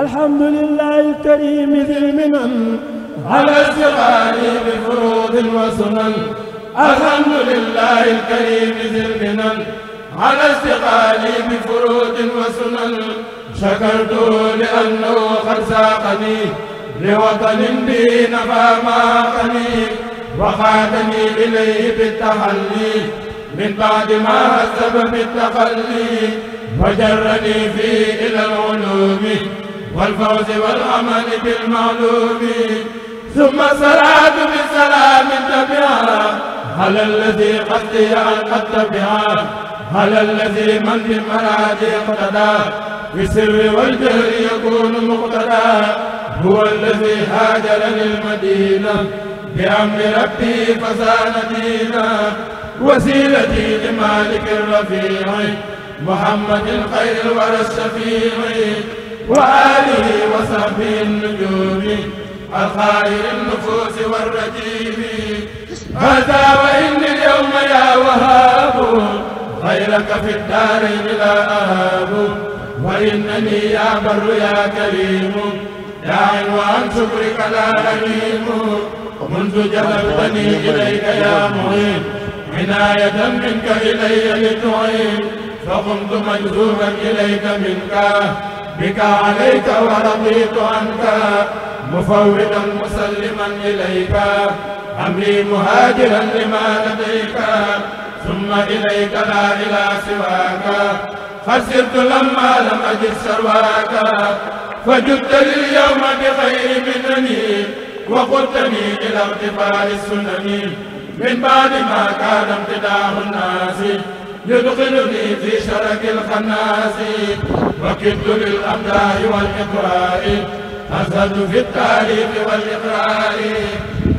الحمد لله الكريم ذي المنن على استقرار بفروض وسنن الحمد لله الكريم ذي المنن على استقالي بفروض وسنن شكرته لأنه قد ساقني لوطن بي نفى قني وقادني إليه بالتحلي من بعد ما هزم بالتخلي وجرني فيه إلى العلوم والفوز والأمل بالمعلوم ثم صلاة بسلام تبعا على الذي قد عن قد تبعا على الذي من بالمراد اقتدى بسر والجهر يكون مقتدى هو الذي هاجر للمدينة بأمر ربي فزان دينا وسيلتي لمالك الرفيع محمد الخير الورى الشفيع وآله وصحبه النجوم الخير النفوس والرجيم هذا وإني اليوم يا وهاب غيرك في الدارين لا أهاب وإنني يا بر يا كريم يا عنوان شكرك لا أليم ومنذ جلبتني إليك يا معين عناية منك إلي لتعين فقمت مجذوبا إليك منك بك عليك ورضيت عنك مفوضا مسلما إليك أمري مهاجرا لما لديك ثم إليك لا إلى سواك خسرت لما لم أجد سرواك فجدت اليوم بخير منني وقلتني إلى ارتفاع السنن من بعد ما كان امتداه الناس يدخلني في شرك الخناس وكدت للأمداء والإقراء أزهد في التاريخ والإقراء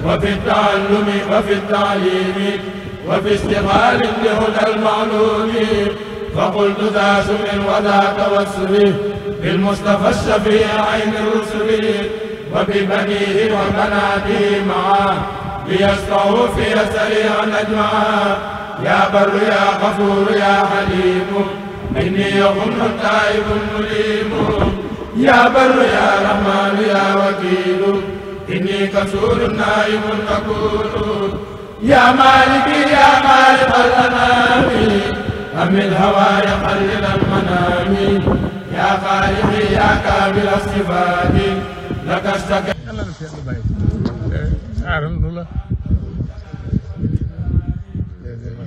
وفي التعلم وفي التعليم وفي اشتغال لهدى المعلوم فقلت ذا سمع وذا توسل بالمصطفى الشفيع عين الرسل وببنيه وبناته معاه ليسمعوا في سريعا اجمعا يا بر يا غفور يا حليم إني غم تائب مليم يا بر يا رحمن يا وكيل إني كسور نائم تقول يا مالك يا مالك الأنام أم الهوى يقلل المنام يا خالقي يا كامل الصفات لك اشتكى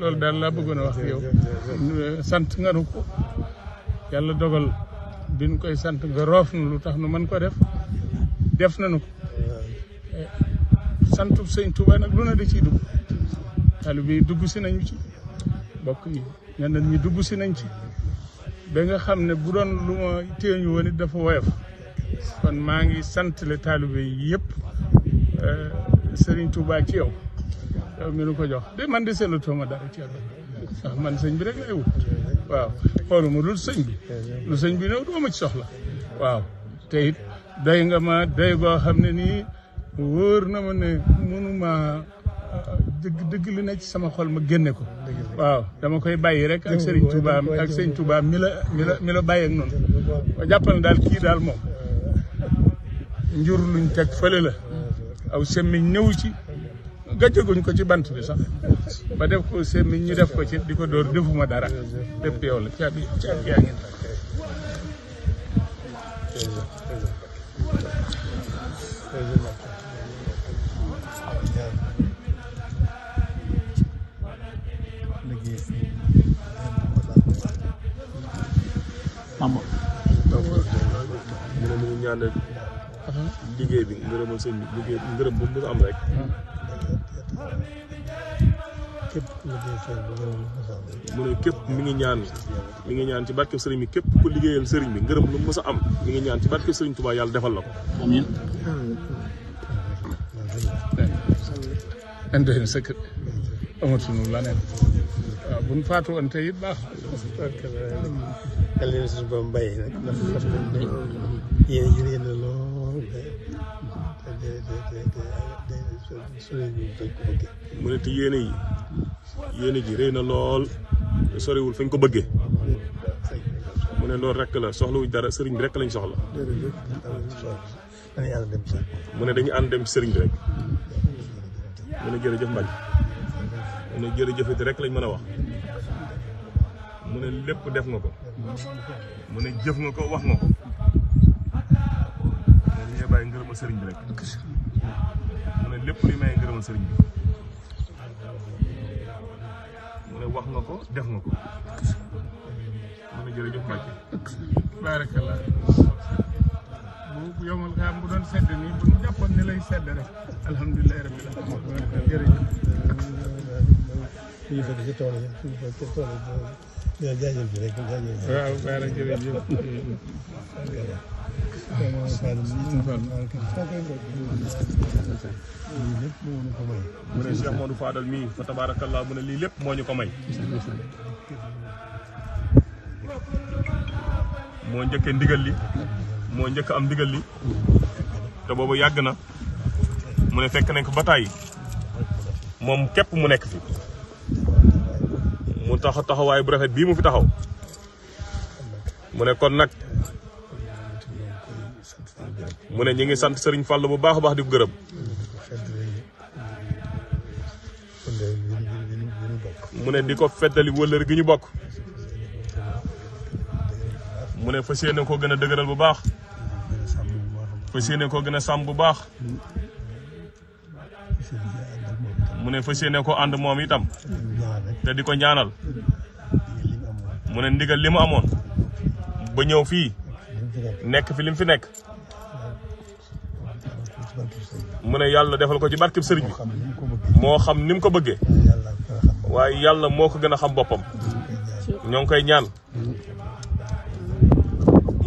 loolu daal laa bëggoon a wax yow sant nga nu ko yàlla dogal bi koy sant nga roof nu lu tax nu man ko def def nañu ko sant sëñ Touba nag lu ne da ciy dugg taalibe bi dugg si nañu ci mbokk yi ñeneen ñi dugg si nañ ci ba nga xam ne bu doon lu ma téeñu woon dafa woyof kon maa ngi sant le taalibe yi yëpp eh, Serigne Touba ci yow. yow ko jox de man de seetlu ma dal ci man señ bi rek lay wut waaw xooluma lu sëñ bi lu sëñ bi ñëw doo ma ci soxla waaw te doy nga ma doy goo xam ne nii wóor na ma ne mënuma dëgg dëgg li ne ci sama xol ma génne ko waw dama koy bàyyi rek ak Serigne Touba ak Serigne Touba mi la mi la mi la bàyyi daal kii daal moom njur luñ teg fële aw semmiñ ñëw ci gàcceguñ ko ci bant bi sax ba def ko semmiñ ñu def ko ci di ko dóor defuma dara lépp yow la caabi caabi yaa ngi maam mu ne mu ñaan liggéey bi ngërëmal sëñ bi liggéey ngërëm bu mu am rek mu ne képp mi ngi ñaan mi ngi ñaan ci barke sëriñ mi képp ku liggéeyal sëriñ bi ngërëm lu mu a am mi ngi ñaan ci barke sëriñ Tuubaa yàlla defal la ko amiin en doy na sëkk amatuñu bu ñu faatu woon tey it baax yàlla na suñu borom bàyyi nag ndax xam nañ ne mu ne te yéene yi yéene ji rëy na lool soriwul fañ ko bëggee. mu ne loolu rek la soxla wuñ dara sëriñ bi rek lañ soxla. mu ne dañu ànd dem sëriñ bi rek. mu ne jërëjëf Mbañ. mu ne jërëjëf it rek lañ mën a wax. mu ne lépp def nga ko. mu ne jëf nga ko wax nga ko. mu bi rek. mu ne lépp luy maye sëriñ bi ne wax nga ko def nga ko mu ne jërëjëf Mbacke. barakallah bu yomal nga bu doon sedd nii bu ñu jàppoon ni lay sedd rek alhamdulilah rabbil alamin jërëjëf. ñu fekk ci tool yi ñu fekk bi waaw mu ne Cheikh Modou Fadal mii fa tabaarakallaa mu ne lii lépp moo ñu ko may moo njëkkee ndigal li moo njëkk am ndigal li te boobu yàgg na mu ne fekk nañ ko ba tàyyi moom képp mu nekk fi mu tax taxawaay bu rafet bii mu fi taxaw mu ne kon nag mu ne ñu ngi sant Serigne Fall bu baax baax di ko gërëm. mu ne di ko feddali gi ñu bok mu ne fas yéene koo gën dëgëral bu baax. fassiyene ko gëna sam bu baax. mu ne ko and mom itam. te diko ñaanal. mu ne ndigal limu mu ba ñëw fi nek fi lim fi nek mu ne yàlla defal ko ci barkeb sëriñ bi moo xam ni mu ko bëggee waaye yàlla moo ko gën a xam boppam ñoo ngi koy ñaan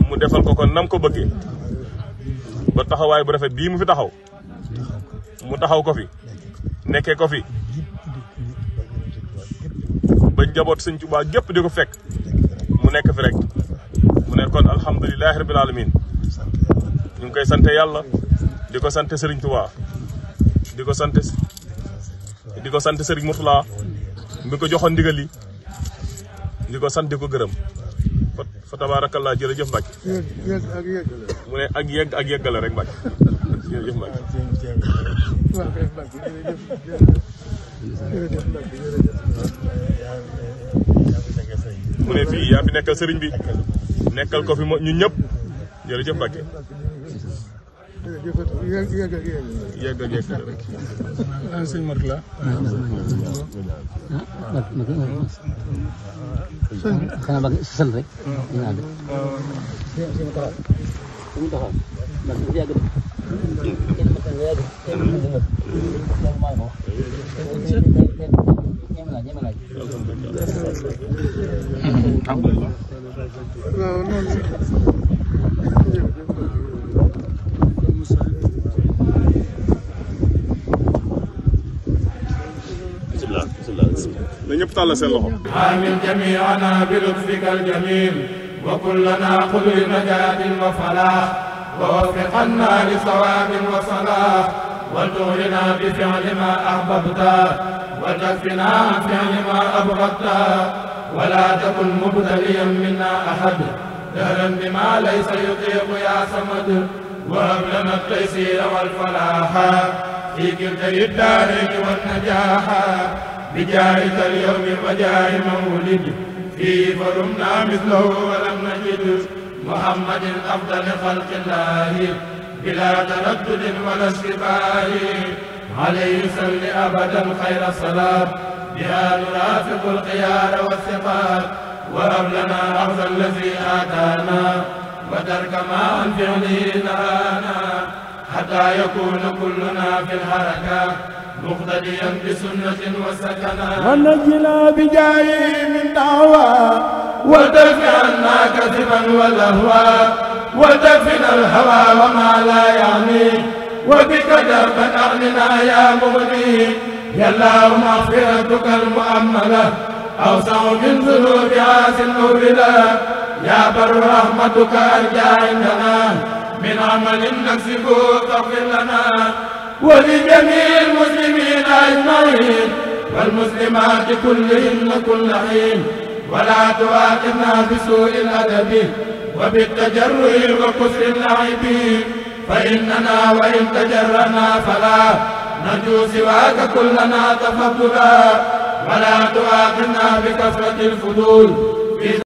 mu defal ko kon nam ko bëgge ba taxawaay bu rafet bii mu fi taxaw mu taxaw ko fi nekkee ko fi ba njaboot sëñ Tuubaa gépp di ko fekk mu nekk fi rek mu ne kon alhamdulilahi rabbil alamin ñu koy sante yàlla di ko sant Serigne Touba di ko sant di ko sant Serigne Mourtala mi ko joxoon ndigal li di ko sant di ko gërëm fa tabaarakallaa jërëjëf Mbacke mu ne ak yegg ak yeggale rek Mbacke jërëjëf Mbacke mu ne fi nekkal sëriñ bi nekkal ko fi ñun jërëjëf Mbacke yegg ak yegg rek. sëñ Mor la. ah xanaa ba sant rek. waaw noonu na ñëpp tàllal seen loxo amin jamiana bi lutfika aljamil wa kullana xuli najatin wa falaax wa waffiqanna li sawaabin wa salaax wa tuxrina bi fi'li ma ahbabta wa takfina an fi'li ma abgadta wa la takun mubtaliyan minna ahad dahran bima laysa yutiqu ya samad وهب لنا التيسير والفلاح في كلتا الدارين والنجاح بجاهز اليوم وجاه مولد في فرمنا مثله ولم نجد محمد أفضل خلق الله بلا تردد ولا استفاه عليه صل أبدا خير الصلاة بها نرافق الخيار والثقات لنا أفضل الذي آتانا وترك ما عن فعله نهانا حتى يكون كلنا في الحركة مقتديا بسنة وسكنا ونجنا بجاهه من دعوى ودفع عنا كذبا والأهوى ودفنا الهوى وما لا يعنيه وبك دربا أغننا يا مغني الله مغفرتك المؤملة أوسع من ذنوب عاس المبلة يا بر رحمتك أرجى عندنا من عمل نكسبه تغفر لنا ولجميع المسلمين أجمعين والمسلمات كلهن كل حين ولا تؤاخذنا بسوء الأدب وبالتجرع وكسر اللعب فإننا وإن تجرنا فلا نرجو سواك كلنا تفضلا ولا تواخذنا بكثرة الفضول